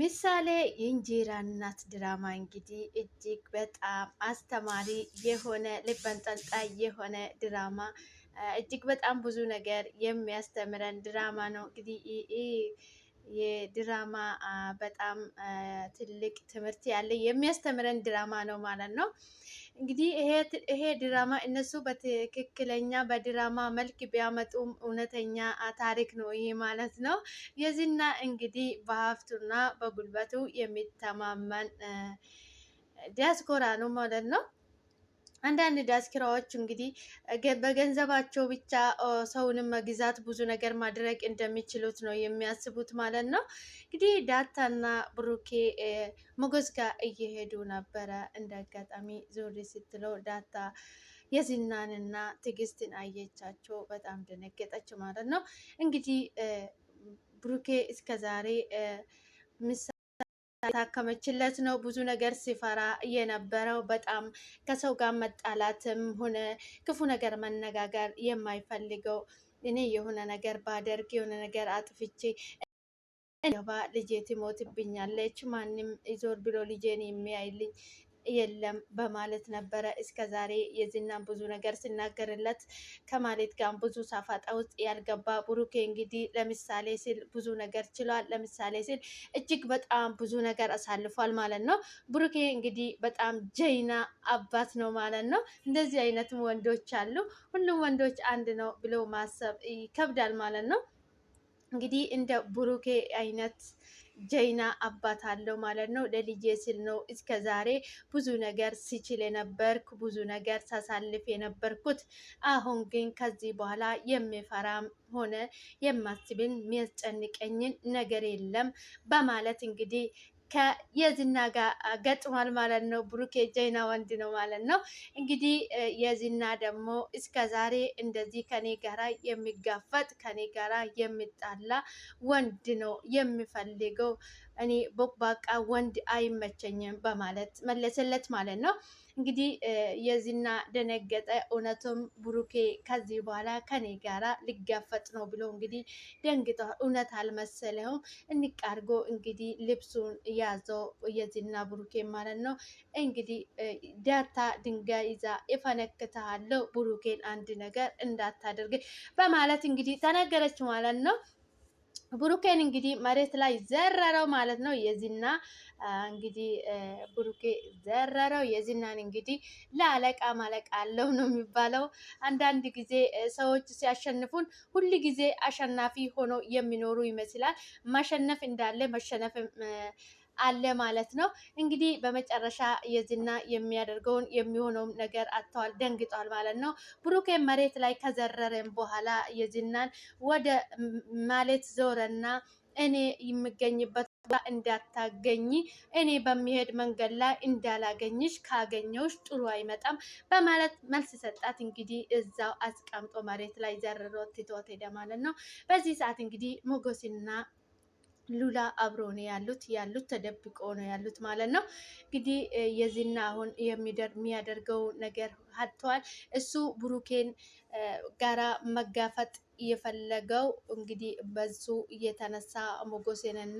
ምሳሌ የእንጀራ እናት ድራማ እንግዲህ እጅግ በጣም አስተማሪ የሆነ ልብ አንጠልጣይ የሆነ ድራማ እጅግ በጣም ብዙ ነገር የሚያስተምረን ድራማ ነው። እንግዲህ የድራማ በጣም ትልቅ ትምህርት ያለ የሚያስተምረን ድራማ ነው ማለት ነው። እንግዲህ ይሄ ድራማ እነሱ በትክክለኛ በድራማ መልክ ቢያመጡም እውነተኛ ታሪክ ነው። ይህ ማለት ነው። የዚህና እንግዲህ በሀብቱና በጉልበቱ የሚተማመን ዲያስፖራ ነው ማለት ነው። አንዳንድ ዳስኪራዎች እንግዲህ በገንዘባቸው ብቻ ሰውንም መግዛት ብዙ ነገር ማድረግ እንደሚችሉት ነው የሚያስቡት ማለት ነው። እንግዲህ ዳታና ብሩኬ ሞገስ ጋር እየሄዱ ነበረ። እንደ አጋጣሚ ዞር ስትለው ዳታ የዝናንና ትዕግስትን አየቻቸው። በጣም ደነገጠች ማለት ነው። እንግዲህ ብሩኬ እስከዛሬ እየታከመችለት ነው። ብዙ ነገር ሲፈራ የነበረው በጣም ከሰው ጋር መጣላትም ሆነ ክፉ ነገር መነጋገር የማይፈልገው እኔ የሆነ ነገር ባደርግ የሆነ ነገር አጥፍቼ ገባ ልጄ ትሞትብኛለች፣ ማንም ዞር ብሎ ልጄን የሚያይልኝ የለም በማለት ነበረ እስከ ዛሬ የዝናን ብዙ ነገር ሲናገርለት ከማለት ጋር ብዙ ሳፋጣ ውስጥ ያልገባ ብሩኬ እንግዲህ ለምሳሌ ሲል ብዙ ነገር ችሏል። ለምሳሌ ሲል እጅግ በጣም ብዙ ነገር አሳልፏል ማለት ነው። ብሩኬ እንግዲህ በጣም ጀይና አባት ነው ማለት ነው። እንደዚህ አይነትም ወንዶች አሉ። ሁሉም ወንዶች አንድ ነው ብሎ ማሰብ ይከብዳል ማለት ነው። እንግዲህ እንደ ብሩኬ አይነት ጀይና አባት አለው ማለት ነው። ለልጄ ስል ነው እስከ ዛሬ ብዙ ነገር ሲችል የነበርኩ ብዙ ነገር ሳሳልፍ የነበርኩት። አሁን ግን ከዚህ በኋላ የሚፈራም ሆነ የማስብን የሚያስጨንቀኝን ነገር የለም በማለት እንግዲህ ከየዝና ጋር ገጥሟል ማለት ነው። ብሩኬ ጀይና ወንድ ነው ማለት ነው። እንግዲህ የዝና ደግሞ እስከ ዛሬ እንደዚህ ከኔ ጋራ የሚጋፈጥ ከኔ ጋራ የሚጣላ ወንድ ነው የሚፈልገው እኔ ቦቅባቃ ወንድ አይመቸኝም በማለት መለሰለት ማለት ነው። እንግዲህ የዚና ደነገጠ። እውነቱም ብሩኬ ከዚህ በኋላ ከኔ ጋራ ሊጋፈጥ ነው ብሎ እንግዲህ ደንግጦ እውነት አልመሰለውም። እንቃርጎ እንግዲህ ልብሱን ያዘው የዚና ብሩኬ ማለት ነው እንግዲህ ዳታ ድንጋይ ይዛ የፈነክተሃለው ብሩኬን አንድ ነገር እንዳታደርግ በማለት እንግዲህ ተነገረች ማለት ነው። ብሩኬን እንግዲህ መሬት ላይ ዘረረው ማለት ነው። የዚና እንግዲህ ብሩኬ ዘረረው የዚናን እንግዲህ ለአለቃ ማለቃ አለው ነው የሚባለው። አንዳንድ ጊዜ ሰዎች ሲያሸንፉን ሁል ጊዜ አሸናፊ ሆኖ የሚኖሩ ይመስላል። ማሸነፍ እንዳለ መሸነፍ አለ ማለት ነው። እንግዲህ በመጨረሻ የዝና የሚያደርገውን የሚሆነውም ነገር አጥተዋል፣ ደንግጧል ማለት ነው። ብሩኬ መሬት ላይ ከዘረረን በኋላ የዝናን ወደ ማለት ዞረና እኔ የምገኝበት እንዳታገኝ እኔ በሚሄድ መንገድ ላይ እንዳላገኝሽ ካገኘውሽ ጥሩ አይመጣም በማለት መልስ ሰጣት። እንግዲህ እዛው አስቀምጦ መሬት ላይ ዘርሮ ትቶት ሄደ ማለት ነው። በዚህ ሰዓት እንግዲህ ሞጎሲና ሉላ አብሮ ነው ያሉት ያሉት ተደብቆ ነው ያሉት ማለት ነው። እንግዲህ የዚና አሁን የሚያደርገው ነገር ሀጥተዋል። እሱ ብሩኬን ጋራ መጋፈጥ የፈለገው እንግዲህ በሱ እየተነሳ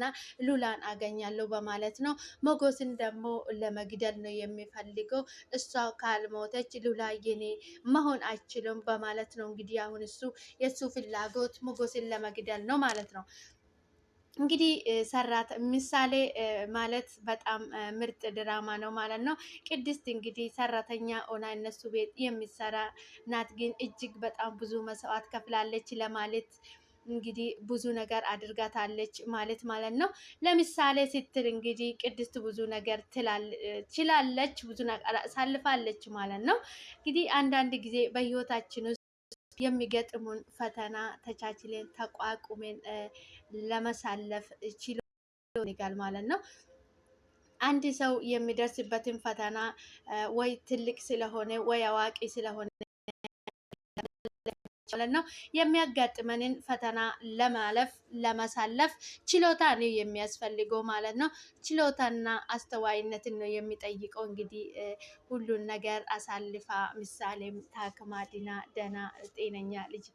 ና ሉላን አገኛለሁ በማለት ነው። ሞጎስን ደግሞ ለመግደል ነው የሚፈልገው። እሷ ካልሞተች ሉላ የኔ መሆን አይችልም በማለት ነው እንግዲህ አሁን እሱ የእሱ ፍላጎት ሞጎስን ለመግደል ነው ማለት ነው። እንግዲህ ሰራት ምሳሌ ማለት በጣም ምርጥ ድራማ ነው ማለት ነው። ቅድስት እንግዲህ ሰራተኛ ሆና እነሱ ቤት የሚሰራ ናት፣ ግን እጅግ በጣም ብዙ መስዋዕት ከፍላለች ለማለት እንግዲህ ብዙ ነገር አድርጋታለች ማለት ማለት ነው። ለምሳሌ ስትል እንግዲህ ቅድስት ብዙ ነገር ትችላለች፣ ብዙ ነገር አሳልፋለች ማለት ነው። እንግዲህ አንዳንድ ጊዜ በህይወታችን የሚገጥሙን ፈተና ተቻችለን ተቋቁመን ለመሳለፍ ይጋል ማለት ነው። አንድ ሰው የሚደርስበትን ፈተና ወይ ትልቅ ስለሆነ ወይ አዋቂ ስለሆነ ለማቅለል ነው። የሚያጋጥመንን ፈተና ለማለፍ ለመሳለፍ ችሎታ ነው የሚያስፈልገው ማለት ነው። ችሎታና አስተዋይነትን ነው የሚጠይቀው። እንግዲህ ሁሉን ነገር አሳልፋ ምሳሌም ታክማ ድና ደህና ጤነኛ ልጅ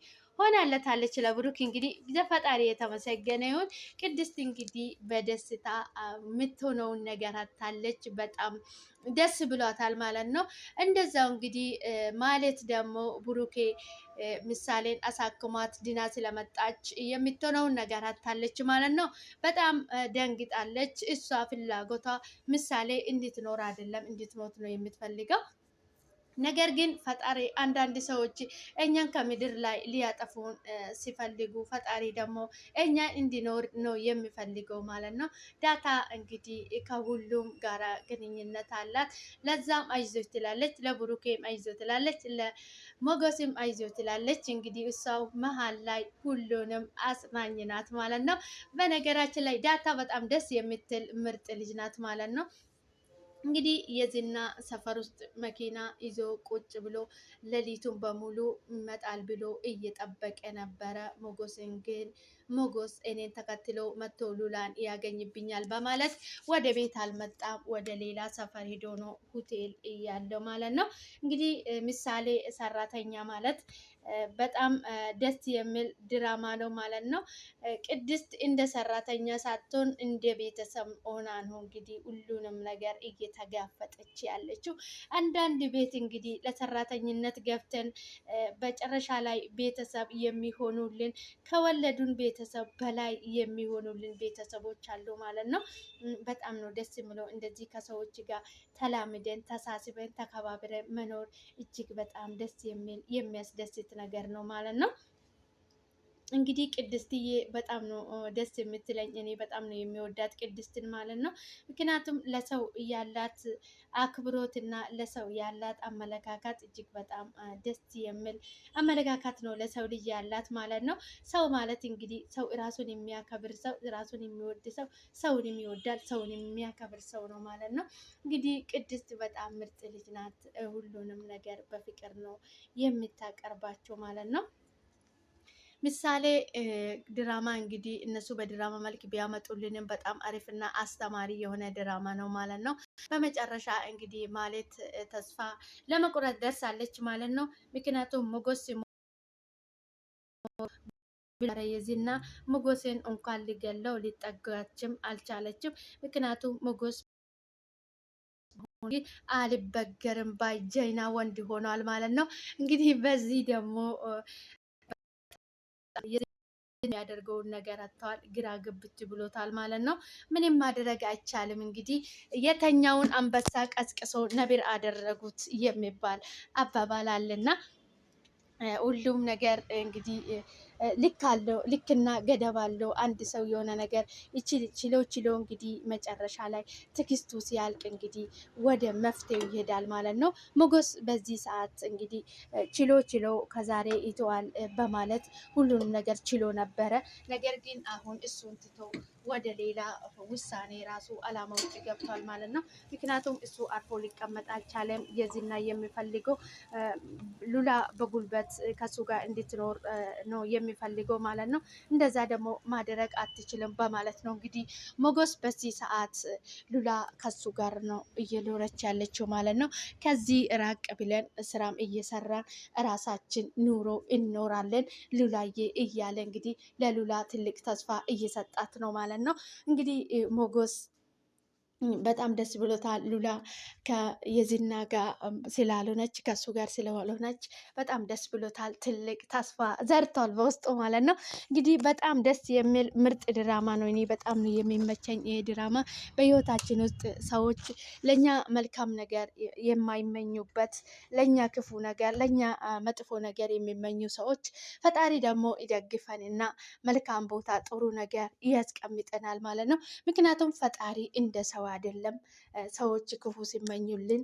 ሆናለታለች ለብሩክ እንግዲህ ዘፈጣሪ የተመሰገነ ይሁን። ቅድስት እንግዲህ በደስታ የምትሆነውን ነገር አታለች። በጣም ደስ ብሏታል ማለት ነው። እንደዛው እንግዲህ ማለት ደግሞ ብሩኬ ምሳሌን አሳክሟት ድና ስለመጣች የምትሆነውን ነገር አታለች ማለት ነው። በጣም ደንግጣለች። እሷ ፍላጎቷ ምሳሌ እንድትኖር አይደለም እንድትሞት ነው የምትፈልገው። ነገር ግን ፈጣሪ አንዳንድ ሰዎች እኛን ከምድር ላይ ሊያጠፉን ሲፈልጉ ፈጣሪ ደግሞ እኛን እንዲኖር ነው የሚፈልገው ማለት ነው። ዳታ እንግዲህ ከሁሉም ጋር ግንኙነት አላት። ለዛም አይዞ ትላለች፣ ለብሩኬም አይዞ ትላለች፣ ለሞገስም አይዞ ትላለች። እንግዲህ እሷው መሀል ላይ ሁሉንም አጽናኝ ናት ማለት ነው። በነገራችን ላይ ዳታ በጣም ደስ የምትል ምርጥ ልጅ ናት ማለት ነው። እንግዲህ የዝና ሰፈር ውስጥ መኪና ይዞ ቁጭ ብሎ ሌሊቱን በሙሉ ይመጣል ብሎ እየጠበቀ ነበረ። ሞጎስን ግን ሞጎስ እኔን ተከትሎ መቶ ሉላን ያገኝብኛል በማለት ወደ ቤት አልመጣም። ወደ ሌላ ሰፈር ሄዶ ነው ሆቴል እያለው ማለት ነው። እንግዲህ ምሳሌ ሰራተኛ ማለት በጣም ደስ የሚል ድራማ ነው ማለት ነው። ቅድስት እንደ ሰራተኛ ሳትሆን እንደ ቤተሰብ ሆና ነው እንግዲህ ሁሉንም ነገር እየተጋፈጠች ያለችው። አንዳንድ ቤት እንግዲህ ለሰራተኝነት ገብተን በጨረሻ ላይ ቤተሰብ የሚሆኑልን ከወለዱን ቤተሰብ ቤተሰብ በላይ የሚሆኑልን ቤተሰቦች አሉ ማለት ነው። በጣም ነው ደስ የምለው እንደዚህ ከሰዎች ጋር ተላምደን ተሳስበን ተከባብረን መኖር እጅግ በጣም ደስ የሚል የሚያስደስት ነገር ነው ማለት ነው። እንግዲህ ቅድስትዬ በጣም ነው ደስ የምትለኝ። እኔ በጣም ነው የሚወዳት ቅድስትን ማለት ነው። ምክንያቱም ለሰው ያላት አክብሮት እና ለሰው ያላት አመለካከት እጅግ በጣም ደስ የሚል አመለካከት ነው ለሰው ልጅ ያላት ማለት ነው። ሰው ማለት እንግዲህ ሰው ራሱን የሚያከብር ሰው፣ ራሱን የሚወድ ሰው፣ ሰውን የሚወዳል፣ ሰውን የሚያከብር ሰው ነው ማለት ነው። እንግዲህ ቅድስት በጣም ምርጥ ልጅ ናት። ሁሉንም ነገር በፍቅር ነው የምታቀርባቸው ማለት ነው። ምሳሌ ድራማ እንግዲህ እነሱ በድራማ መልክ ቢያመጡልንም በጣም አሪፍና አስተማሪ የሆነ ድራማ ነው ማለት ነው። በመጨረሻ እንግዲህ ማለት ተስፋ ለመቁረጥ ደርሳለች ማለት ነው። ምክንያቱም ሞጎስ ረየዚና ሞጎስን እንኳን ሊገለው ሊጠጋችም አልቻለችም። ምክንያቱም ሞጎስ አልበገርም ባይ ጀይና ወንድ ሆኗል ማለት ነው። እንግዲህ በዚህ ደግሞ የሚያደርገውን ነገር አጥተዋል። ግራ ግብት ብሎታል ማለት ነው። ምንም ማድረግ አይቻልም። እንግዲህ የተኛውን አንበሳ ቀስቅሶ ነብር አደረጉት የሚባል አባባል አለና ሁሉም ነገር እንግዲህ ልክ አለው ልክና ገደብ አለው። አንድ ሰው የሆነ ነገር ችሎ ችለው እንግዲህ መጨረሻ ላይ ትክስቱ ሲያልቅ እንግዲህ ወደ መፍትሄው ይሄዳል ማለት ነው። ሞገስ በዚህ ሰዓት እንግዲህ ችሎ ችሎ ከዛሬ ይተዋል በማለት ሁሉንም ነገር ችሎ ነበረ። ነገር ግን አሁን እሱን ትቶ ወደ ሌላ ውሳኔ ራሱ አላማ ውስጥ ገብቷል ማለት ነው። ምክንያቱም እሱ አርፎ ሊቀመጥ አልቻለም። የዚና የሚፈልገው ሉላ በጉልበት ከሱ ጋር እንድትኖር ነው የሚ የሚፈልገው ማለት ነው። እንደዛ ደግሞ ማድረግ አትችልም በማለት ነው እንግዲህ ሞጎስ በዚህ ሰዓት ሉላ ከሱ ጋር ነው እየኖረች ያለችው ማለት ነው። ከዚህ ራቅ ብለን ስራም እየሰራን እራሳችን ኑሮ እንኖራለን ሉላዬ እያለ እንግዲህ ለሉላ ትልቅ ተስፋ እየሰጣት ነው ማለት ነው እንግዲህ ሞጎስ በጣም ደስ ብሎታል። ሉላ የዝና ጋር ስላልሆነች ከሱ ጋር ስለሆነች በጣም ደስ ብሎታል። ትልቅ ተስፋ ዘርቷል በውስጡ ማለት ነው። እንግዲህ በጣም ደስ የሚል ምርጥ ድራማ ነው። እኔ በጣም ነው የሚመቸኝ ይሄ ድራማ። በህይወታችን ውስጥ ሰዎች ለእኛ መልካም ነገር የማይመኙበት፣ ለእኛ ክፉ ነገር፣ ለእኛ መጥፎ ነገር የሚመኙ ሰዎች ፈጣሪ ደግሞ ይደግፈን እና መልካም ቦታ ጥሩ ነገር ያስቀምጠናል ማለት ነው። ምክንያቱም ፈጣሪ እንደ ሰው አይደለም። ሰዎች ክፉ ሲመኙልን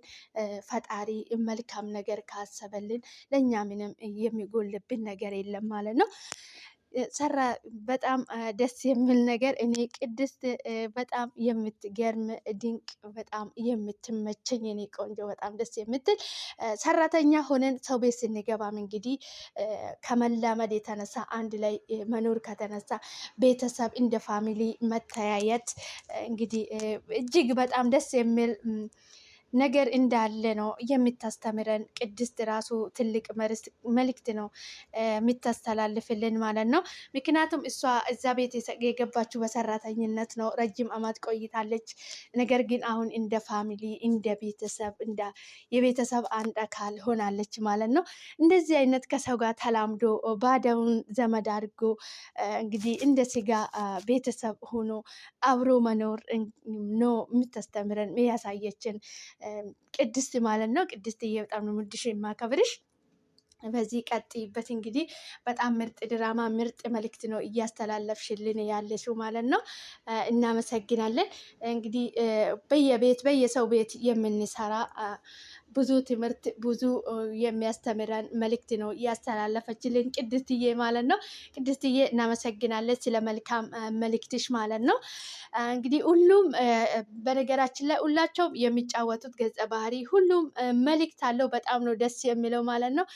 ፈጣሪ መልካም ነገር ካሰበልን ለእኛ ምንም የሚጎልብን ነገር የለም ማለት ነው። ሰራ በጣም ደስ የሚል ነገር። እኔ ቅድስት በጣም የምትገርም ድንቅ፣ በጣም የምትመቸኝ እኔ ቆንጆ፣ በጣም ደስ የምትል ሰራተኛ ሆነን ሰው ቤት ስንገባም እንግዲህ ከመላመድ የተነሳ አንድ ላይ መኖር ከተነሳ ቤተሰብ እንደ ፋሚሊ መተያየት እንግዲህ እጅግ በጣም ደስ የሚል ነገር እንዳለ ነው የምታስተምረን። ቅድስት ራሱ ትልቅ መልክት ነው የምታስተላልፍልን ማለት ነው። ምክንያቱም እሷ እዛ ቤት የገባችው በሰራተኝነት ነው። ረጅም አመት ቆይታለች። ነገር ግን አሁን እንደ ፋሚሊ፣ እንደ ቤተሰብ፣ እንደ የቤተሰብ አንድ አካል ሆናለች ማለት ነው። እንደዚህ አይነት ከሰው ጋር ተላምዶ ባደውን ዘመድ አድርጎ እንግዲህ እንደ ስጋ ቤተሰብ ሆኖ አብሮ መኖር ነው የምታስተምረን ያሳየችን ቅድስት ማለት ነው። ቅድስትዬ በጣም ነው የምወድሽ የማከብርሽ። በዚህ ቀጥይበት። እንግዲህ በጣም ምርጥ ድራማ ምርጥ መልእክት ነው እያስተላለፍሽልን ያለሽው ማለት ነው። እናመሰግናለን። እንግዲህ በየቤት በየሰው ቤት የምንሰራ ብዙ ትምህርት ብዙ የሚያስተምረን መልእክት ነው እያስተላለፈችልን ቅድስትዬ ማለት ነው። ቅድስትዬ እናመሰግናለን ስለ መልካም መልእክትሽ ማለት ነው። እንግዲህ ሁሉም በነገራችን ላይ ሁላቸውም የሚጫወቱት ገጸ ባህሪ ሁሉም መልእክት አለው። በጣም ነው ደስ የሚለው ማለት ነው።